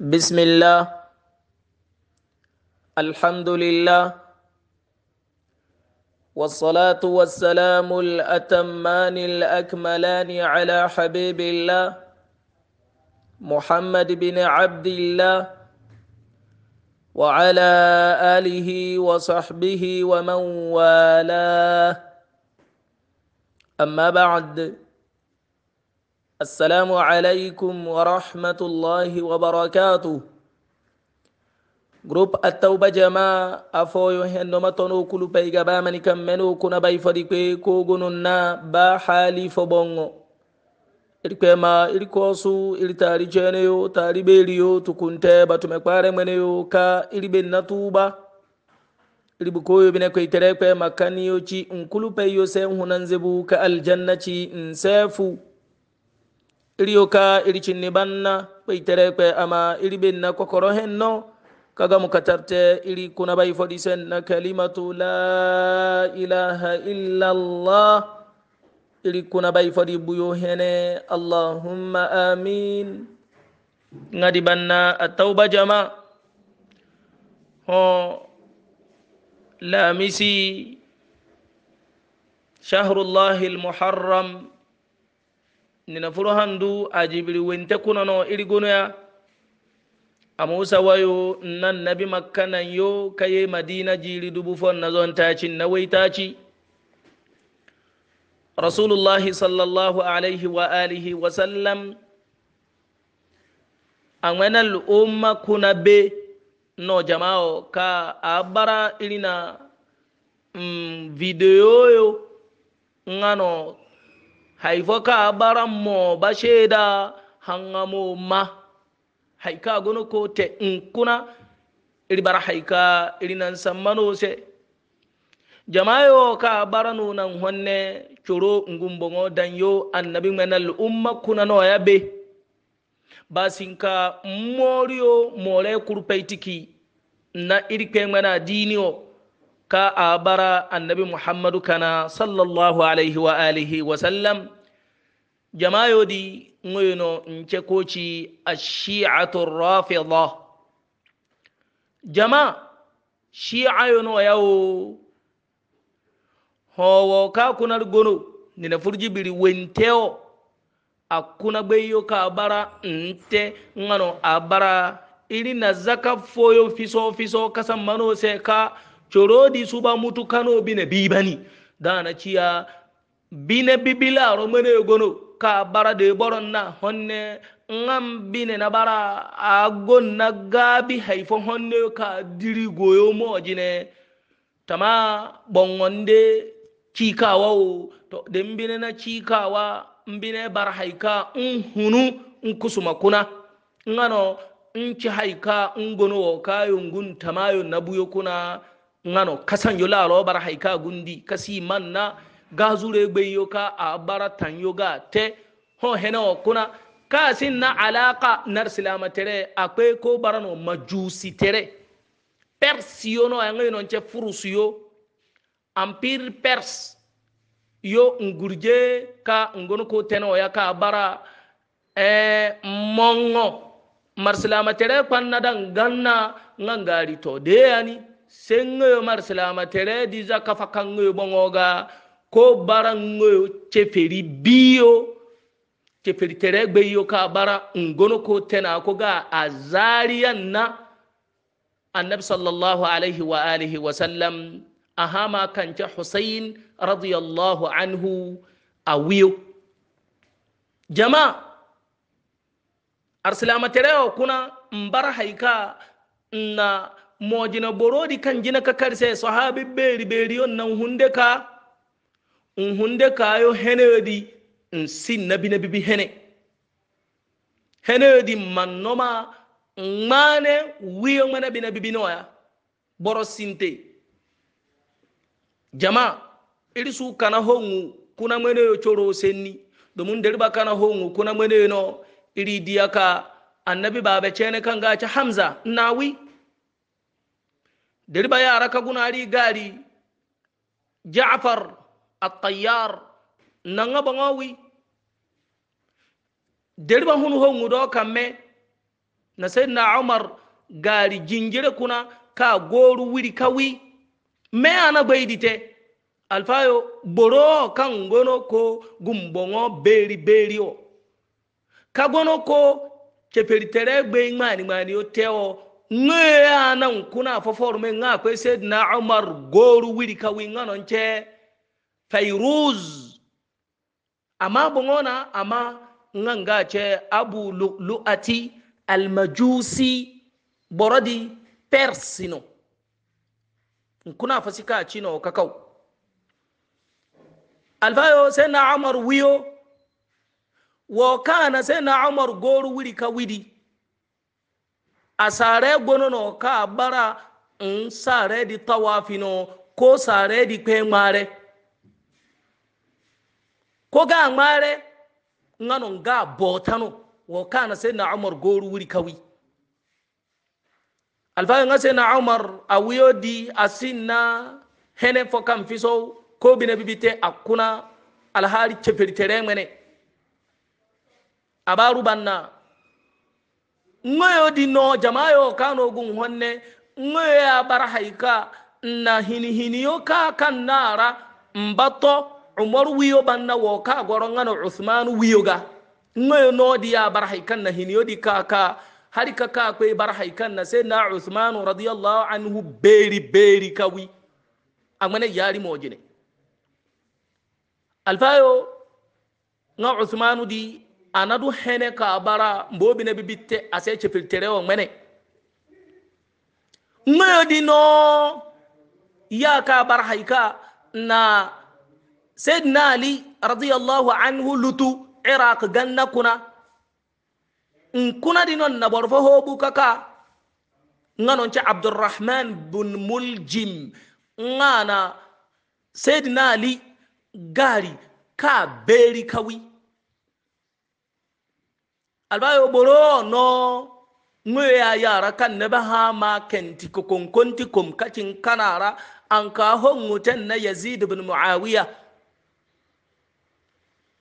بسم الله الحمد لله والصلاة والسلام الأتمان الأكملان على حبيب الله محمد بن عبد الله وعلى آله وصحبه ومن والاه أما بعد السلام عليكم ورحمة الله وبركاته جروب التوبة جماعة أفويو هنما تنو كل بيغا بامن كم منو كنا باي فريقه كوغننا با حالي فبونغو irkwema irikosu iritari ceneyo tari beriyo tukunte batume kware mweneyo ka iribe natuba iribukoyo bine kweitere kwe makaniyo ci nkulupeyo se hunanzebu ka aljanna ci nsefu iliyoka ilichinibanna banna baiterekwe ama ili benna kokoro henno kagamu katarte ili kuna kalimatu la ilaha illa allah ili kuna baifodi hene allahumma amin ngadi banna atauba jama ho lamisi شهر الله المحرم nina furo handu a jibiri wente kunono iri gonoya amusa wayo nan nabi makka nan yo kaye madina jiri dubu fon na zon taci na wai taci rasulullahi sallallahu alaihi wa alihi wa sallam a ŋwenal umma kuna be no jama'o ka a bara irina mm, videoyo ŋano hay fo ka baranmo ba seeda hangamo ma hay ka gono ko te n kuna iri bara hay ka iri nan sammano se jamayo ka barano nan honne coro ngumbongo dan yo annabi menal umma kuna no ya be ba sinka moriyo more kurpeitiki na iri kpe ngwena dini o ka a bara annabi muhammadu kana sallallahu alaihi wa alihi wa sallam di ngoyno nke koci ashi'atu rafida jama shi'ayono yawo howo ka kunar gono furji biri wenteo akuna gbeyo ka bara nte ngano abara iri na zaka foyo fiso fiso kasan manose ka corodi suba mutu kano bine bibani dana ciya bine bibila bibilaro mene gono ka bara de boron na honne ngam bine na bara agon na gabi haifo honne ka diri goyo mojine tama bongonde cikawa o to den bine na cikawa mbine bara haika n hunu n kusuma kuna ngano n haika n gono wo kayon gun tamayon na buyo kuna ngano kasan yola ro bara haika gundi kasi manna gazure gbeyo ka a bara tanyo ga te ho hena kuna kasin na alaka nar silama tere akwe ko barano majusi tere persiyo no yango non che yo ampir pers yo ngurje ka ngono ko teno ya ka bara eh mongo marsilama tere kwanna dan ganna ngangari to de yani sengoyo mar silama tere diza kafa kangoyo bongoga ko bara ngoyo cheferi biyo cheferi tere gbeyo ka bara ngono ko tena ko ga azariyan na annabi sallallahu alaihi wa alihi wa sallam ahama kanca husain radiyallahu anhu a wiyo jama arsilama tere kuna mbara haika na mojina borodi kan jina ka karse sahabi beri beri yon nan hunde ka un hunde ka yo hene yodi un sin nabi nabi bi hene hene yodi man ngmane wiyo ngmane bi nabi bi noya boro sinte jama iri su kana hongu kuna mwene yo choro senni domin deriba kana hongu kuna mwene yo no iri diya ka annabi babe chene kan gacha hamza nawi deriba yara ka gunari gari ja'far at-tayyar nanga bangawi deriba hunu ho ngudo kamme na sayyidina umar gari jingire kuna ka goru wiri kawi me ana baidite alfayo boro kan gono ko gumbongo beri beri o ka gono ko peritere gbe ngani mani o teo Nya nan kuna fafor mai nga akwai na umar goru wiri kawi nga non ce fairuz amma bongona amma nga nga ce abu lu'ati almajusi borodi persino kuna fasika cino kakau alfayo sai na umar wiyo wa kana sai na umar goru wiri ka widi a sare gbonono ka bara n sare di tawafino ko sare di kpe ŋmare ko ga ŋmare ŋano ga botano wo kana sai na umar goru wuri kawi alfayin ga sai na umar a wiyo di asin na hene fo kan fiso ko bine bibite akuna alhari cefertere mene abaru banna ngoyo di no jamayo kano gun honne ngoyo ya bar haika na hini hini yo ka kan nara mbato umar wiyo banna wo ka goron ngano usman wiyo ga ngoyo no di ya bar haikan na hini yo di ka ka hari ka ka bar na sai na usman radiyallahu anhu beri beri kawi amane yari mojine alfayo nga Usman di anadu hene ka bara mbobi ne bibitte ase chepiltere o mene mwe dino ya ka bar haika na sayyidina ali radiyallahu anhu lutu iraq ganna kuna nkuna dino na borfo hobu kaka nganon ci abdurrahman bun muljim ngana sayyidina ali gari ka beri kawi albayo boro no ŋwe ya yara kan ne ba ha ma kenti ko konkonti kom kacin kanara an ka honguten na yazid ibn muawiya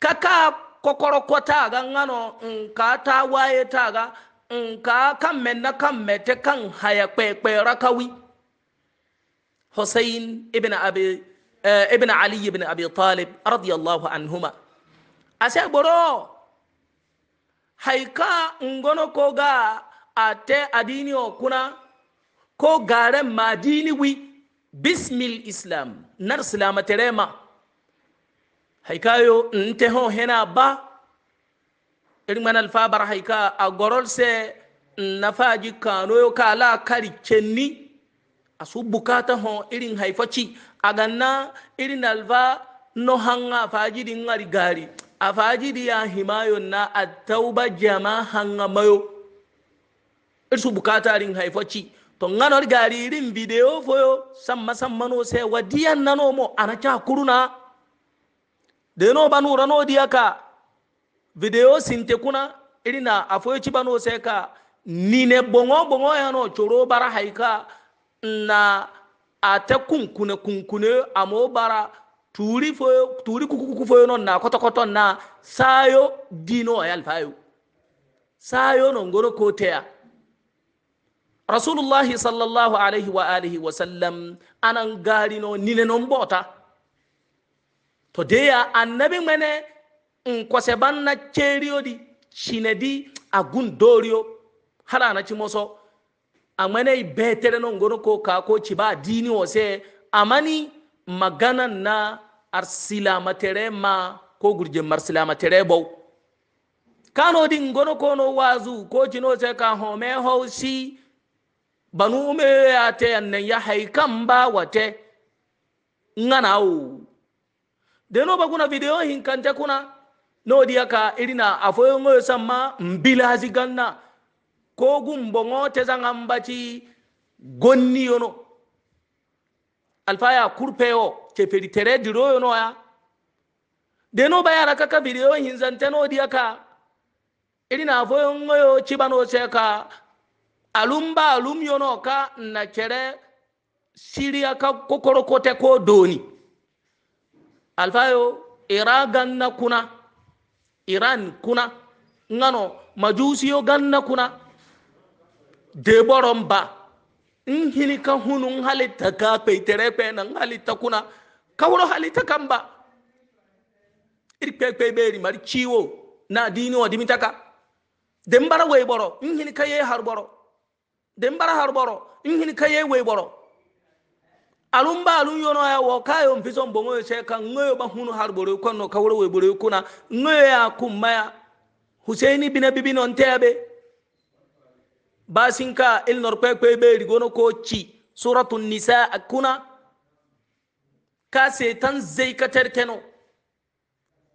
kaka kokorokota ga ngano nka ta waye ta ga nka kan men na kan mete kan haya kwekwe rakawi hussein ibn abi eh, ibn ali ibn abi talib radiyallahu anhuma ase boro haika ngono ko ga ate adini okuna ko gare madini wi bismil islam nar silama terema yo, nte ho hena ba irin irman alfabar haika a gorol se nafaji kanoyo kala kari kenni a su bukata ho irin haifaci a ganna irin alfa no hanga faji din gari gari a afajidi ya himayon na tauba jama hanga mayo irsu bukata rin haifaci to nganar garirin bideyo foyo samma samma no sai wadiyan nano mo anaka kuruna de no banu rano diaka video sinte kuna irina afoyoci bano sai ka nine bongo bongo ya no choro bara haika na ta kunkune kunkune amo bara turi foyo turi kuku foyo non na koto koto na sayo dino ayal fayo sayo non goro koteya rasulullahi sallallahu alaihi wa alihi wa sallam anan gari no nine non bota to deya annabi mene nkwase banna ceriyo di shinedi agun doriyo hala na cimoso amane betere non goro ko ka ko ciba dini wose amani magana na arsilamatere ma ko gurje marsilamatere bau kano din gono kono wazu ko jino ce ka home haushi banu me ya te yannan ya haikan ba wate ngana o de ba baguna video hin kan ta kuna no diya ka irina afoyo ngoyo samma mbila ziganna ko gumbo ngote zan mbati gonni yono alfaya kurpeyo ke peritere diroyo noya deno bayara kaka biriyo hinzante no diaka irina avoyo ngoyo chibano seka alumba alumyo no ka na kere siriya ka kokoro kote ko doni alfayo iragan na kuna iran kuna ngano majusiyo ganna kuna deboron ba in hilika hunun halitta ka peitere penan halitta kuna kawro halitta kamba iri kpekpe beri mari ciwo na dini wa dimitaka den bara wey boro in hilika ye har boro den bara har boro in hilika ye wey boro alun ba alun yono ya wo kayo mfiso mbongo yo seka ngoyo ba hunu har boro kono kawro wey boro kuna ngoyo ya kumma ya huseini bina bibi non tebe ka il norkwekwe ɓeri gono ko ci suratu nisa kuna ka setan zai ka terkeno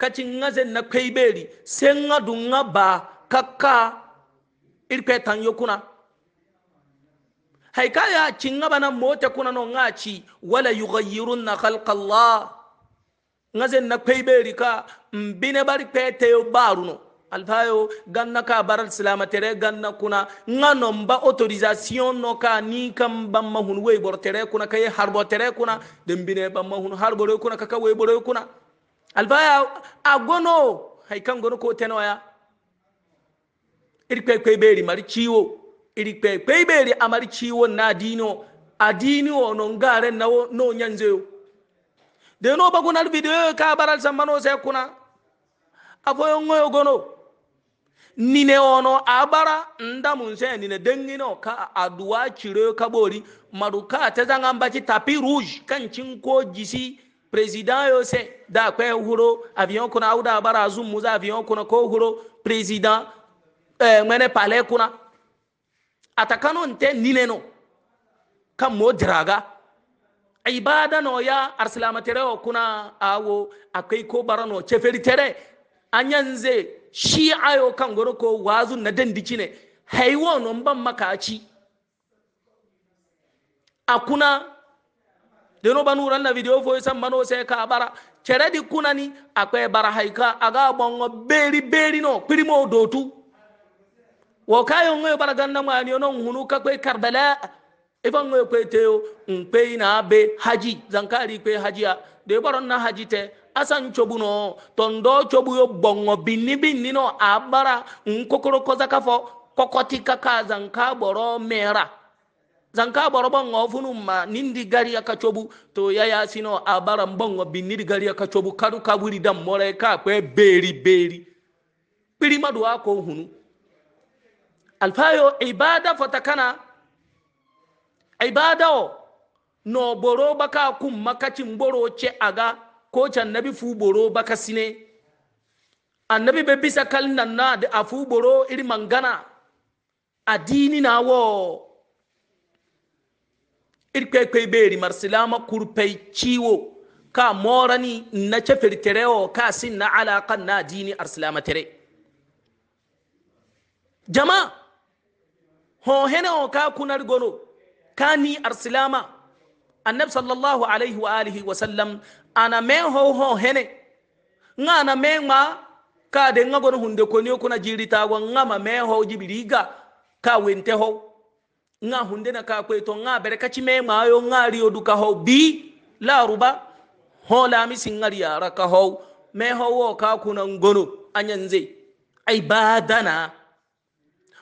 kaci ŋazen na kwei ɓeri se ŋa du nga ba kakka irkwe tan yo kuna hay ka ya ci ŋa na mote kuna no nga ci wala yugayirunna halka llah ŋazen na kwei ɓeri ka mbine bari kwe teyo baruno alfayo ganna ka baral silamatere ganna kuna nga nomba autorisation no ka ni kam bamma hun wey bor tere kuna kay harbo tere kuna dembine bamma hun harbo re kuna kaka wey bor kuna alfaya agono hay kan gono ko tenoya iri kwe kwe beri mari ciwo iri kwe kwe beri amari ciwo na dino adini o non garen nawo no nyanzeyo de no bagunar video ka baral sambano sai kuna afoyon ngoyo gono nine ono abara ndamunse nine dengino ka aduwa cire kabori maruka ta zanga mbaci tapi rouge kan cinko jisi president yo se da kwe huro avion kuna auda abara azu muza avion kuna ko huro president eh, mene pale kuna atakano nte nine no kan mo draga ibada no ya arsilamatere kuna awo akai ko barano tere anyanze shi ayo kan goro ko wazu na dandiki ne non ban makaci akuna deno banuran na video voice mano sai ka bara cere di kuna ni akwai bara haika aga bongo beri beri no primo dotu wo kayo ngwe bara ganna ma ni non hunu ka kwe karbala ifan ngoy kwe teo nkwe na be haji zankari kwe hajiya de baron na haji te asan cobuno tondo cobuyo bongo binni binni no a nkokoro kosa ka fɔ kaka ka ka zanka bɔrɔ mɛra zanka bɔrɔ bɔngɔ funu ma nin di gariya ka cobu to ya ya sino a bara bɔngɔ binni di gariya ka chobu kadu ka kaburi da mɔrɛ ka kpɛ beeri beeri pirima do a ko hunu alfayo ibada fɔta kana ibada o nɔ boro baka kun makacin boro ce aga ko can bi fuboro ka sine annabi be bisa kalnan na da a fuboro iri mangana addini na wo irkwaikwai beri marsilama kurfai ciwo ka morani na cefir terewo ka sin na alaƙan na dini arsilama tere jama hohene o ka kunar gono ka ni arsilama annabi sallallahu alaihi wa alihi wa sallam ana men ho ho hene nga na men ma ka de nga gon hunde ko na kuna jirita wa nga ma men ho jibiriga ka wente ho nga hunde na ka to nga bere ka ci men ma yo nga riyo duka ho bi la ruba ho la mi singari yara ka ho me ho wo ka kuna ngono anyanze ai badana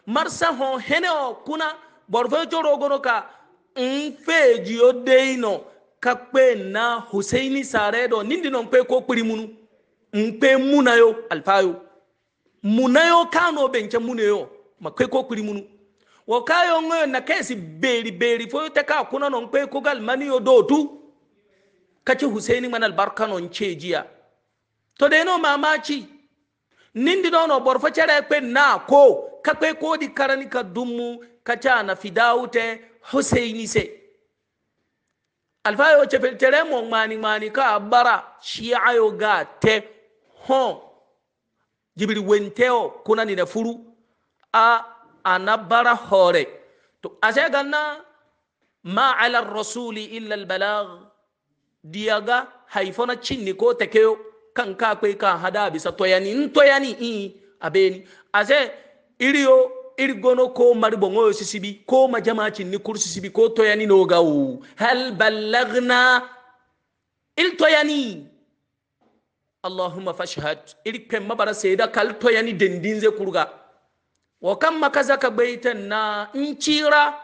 marsa ho hene o kuna borfo joro gono ka o de yo deino kakpe na sare saredo nindi no npe ko kpiri munu npe munayo alfayo munayo kano benche munayo kai ko kpiri munu kayo ngoyo na kesi beri beri foyo teka kuna no npe ko gal maniyo do tu kace huseini manal barkano jiya to de no mamaci nindi no no borfo cere kpe na ko kakpe ko di karani ka dummu kaca na fidawute husainise alfayo cefiltere mo ŋmaniŋmani ka bara shiayo ga te ho jibiri wenteo kuna nina furu a ana bara hore to ase ganna ma ala rasuli illa albalag diyaga haifona cinni ko tekeyo kan ka kwe ka hada bisa toyani n toyani i abeni ase iriyo irgono ko marbo ngoyo sisibi ko majamacin ni kursi sibi ko toyani no gawo hal ballagna il toyani allahumma fashhad iri pemma bara seda kal toyani dendinze kurga wa kam makazaka baitan na incira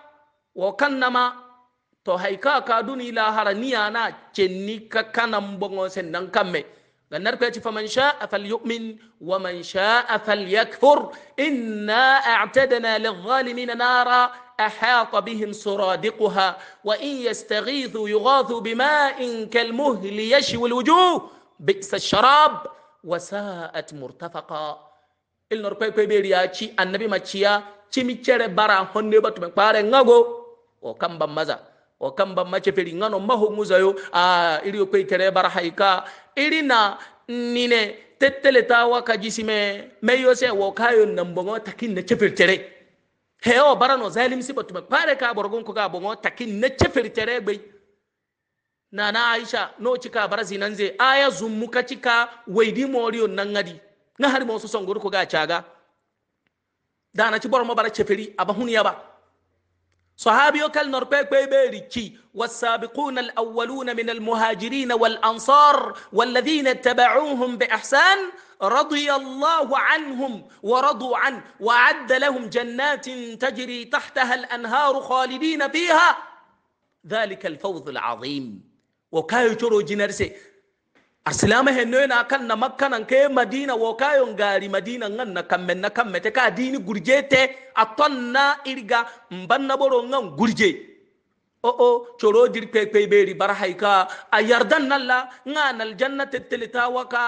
wa kannama to haika ka duni la haraniya na cenni ka kanan bongo sendan kamme فالنار كاتي فمن شاء فليؤمن ومن شاء فليكفر إنا أعتدنا للظالمين نارا أحاط بهم سرادقها وإن يستغيثوا يغاثوا بماء كالمهل يشوي الوجوه بئس الشراب وساءت مرتفقا النار كوي بيرياتي النبي ماتشيا تيمي تشري برا هنبت مكبار نغو وكم بمزا o kamba machepeli ngano mahunguzayo a ah, iliyo kweitere barahaika na, nine tetele tawa me meyo se wakayo na mbongo takin na chepeltere heo barano zalim msipo tumepare ka borgon ko ga takin na chepeltere gbe na na aisha no chika barazi nanze aya zummuka chika weidi moriyo nangadi na har mo so songor ko chaga dana ci mbara bara chepeli abahuniya ba صحابي يكل نربيك بي والسابقون الأولون من المهاجرين والأنصار والذين اتبعوهم بإحسان رضي الله عنهم ورضوا عنه وأعد لهم جنات تجري تحتها الأنهار خالدين فيها ذلك الفوز العظيم وكايترو جنرسي arsilama henno na kan na makka nan ke madina wo kayon gari madina ngan na kamme na kamme te ka dini gurjete aton na irga mbanna boro ngan gurje o oh, o oh, coro dir pepe beri bar haika ayardan nalla ngan aljanna tettelita waka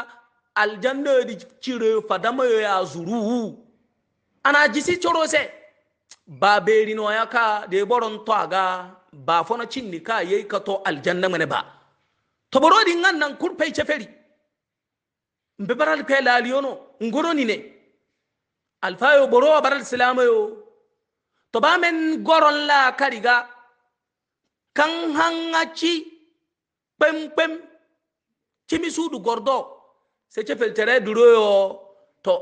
aljanna di cire fadama ya zuru ana jisi coro se ba beri no ya ka de boron to aga ba fona cinni ka yayi ka to aljanna mane ba toborodi ngan nan kurpey ceferi mbe baral kwe laaliyono ngoroni ne alfayo wa baral silamayo to ba men goron la kariga kan hangaci ci kpem kpem cimi sudu gordo se cefel tere duroyo to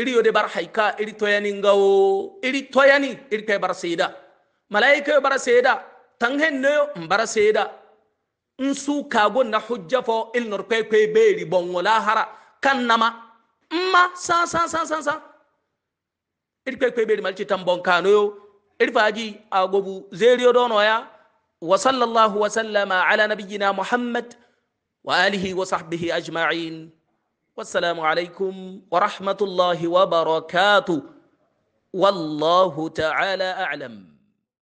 iri yode bar haika iri toyani ngawo iri toyani iri kwe bar seeda malaika yo bar seeda tan hen noyo mbara seeda nsu kago na hujja fo il nor kwe kwe beri bon wala hara kan nama ma sa sa sa sa sa il kwe kwe beri malci tam bon kano yo il faji agobu zeriyo dono ya wa sallallahu wa sallama ala nabiyyina muhammad wa alihi wa sahbihi ajma'in wassalamu alaikum wa rahmatullahi wa barakatuh والله تعالى أعلم